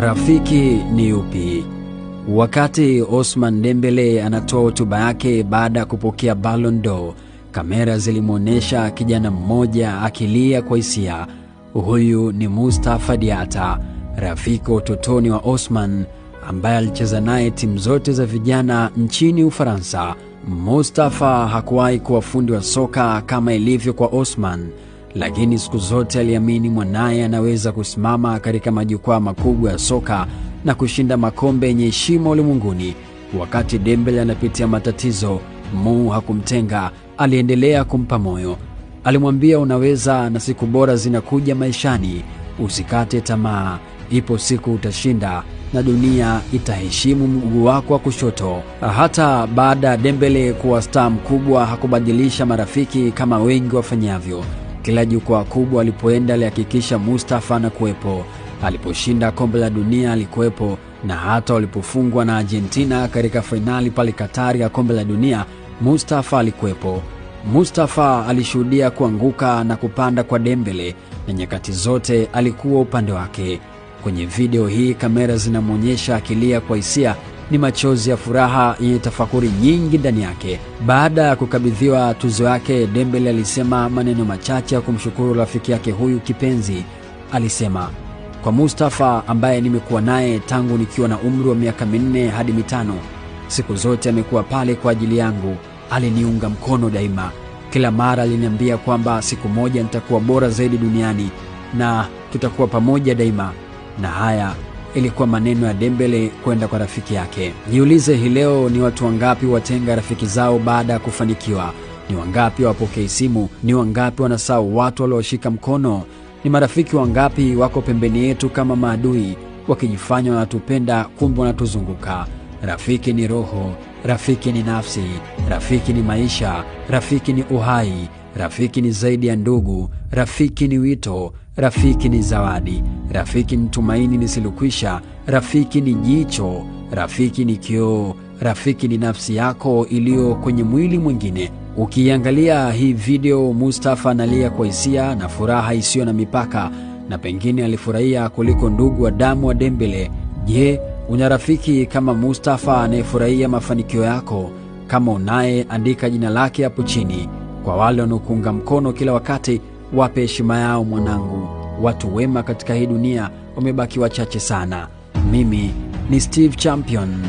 Rafiki ni upi? Wakati Osman Dembele anatoa hotuba yake baada ya kupokea Ballon d'Or, kamera zilimwonyesha kijana mmoja akilia kwa hisia. Huyu ni Mustafa Diata, rafiki wa utotoni wa Osman ambaye alicheza naye timu zote za vijana nchini Ufaransa. Mustafa hakuwahi kuwa fundi wa soka kama ilivyo kwa Osman, lakini siku zote aliamini mwanaye anaweza kusimama katika majukwaa makubwa ya soka na kushinda makombe yenye heshima ulimwenguni. Wakati Dembele anapitia matatizo, Mu hakumtenga, aliendelea kumpa moyo. Alimwambia, unaweza na siku bora zinakuja maishani, usikate tamaa, ipo siku utashinda na dunia itaheshimu mguu wako wa kushoto. Hata baada ya Dembele kuwa staa mkubwa, hakubadilisha marafiki kama wengi wafanyavyo kila jukwaa kubwa alipoenda alihakikisha Mustafa anakuwepo. Aliposhinda kombe la dunia alikuwepo, na hata walipofungwa na Argentina katika fainali pale Katari ya kombe la dunia Mustafa alikuwepo. Mustafa alishuhudia kuanguka na kupanda kwa Dembele na nyakati zote alikuwa upande wake. Kwenye video hii kamera zinamwonyesha akilia kwa hisia ni machozi ya furaha yenye tafakuri nyingi ndani yake. Baada ya kukabidhiwa tuzo yake, Dembele alisema maneno machache ya kumshukuru rafiki yake huyu kipenzi. Alisema, kwa Mustafa ambaye nimekuwa naye tangu nikiwa na umri wa miaka minne hadi mitano, siku zote amekuwa pale kwa ajili yangu, aliniunga mkono daima. Kila mara aliniambia kwamba siku moja nitakuwa bora zaidi duniani na tutakuwa pamoja daima, na haya ilikuwa maneno ya Dembele kwenda kwa rafiki yake. Jiulize hii leo, ni watu wangapi watenga rafiki zao baada ya kufanikiwa? Ni wangapi wapokei simu? Ni wangapi wanasahau watu walioshika mkono? Ni marafiki wangapi wako pembeni yetu kama maadui, wakijifanya wanatupenda, kumbe wanatuzunguka? Rafiki ni roho, rafiki ni nafsi, rafiki ni maisha, rafiki ni uhai. Rafiki ni zaidi ya ndugu, rafiki ni wito, rafiki ni zawadi, rafiki ni tumaini lisilokwisha, rafiki ni jicho, rafiki ni kioo, rafiki ni nafsi yako iliyo kwenye mwili mwingine. Ukiangalia hii video, Mustafa analia kwa hisia na furaha isiyo na mipaka, na pengine alifurahia kuliko ndugu wa damu wa Dembele. Je, una rafiki kama Mustafa anayefurahia mafanikio yako? Kama unaye, andika jina lake hapo chini. Kwa wale wanaokuunga mkono kila wakati, wape heshima yao mwanangu. Watu wema katika hii dunia wamebaki wachache sana. Mimi ni Steve Champion.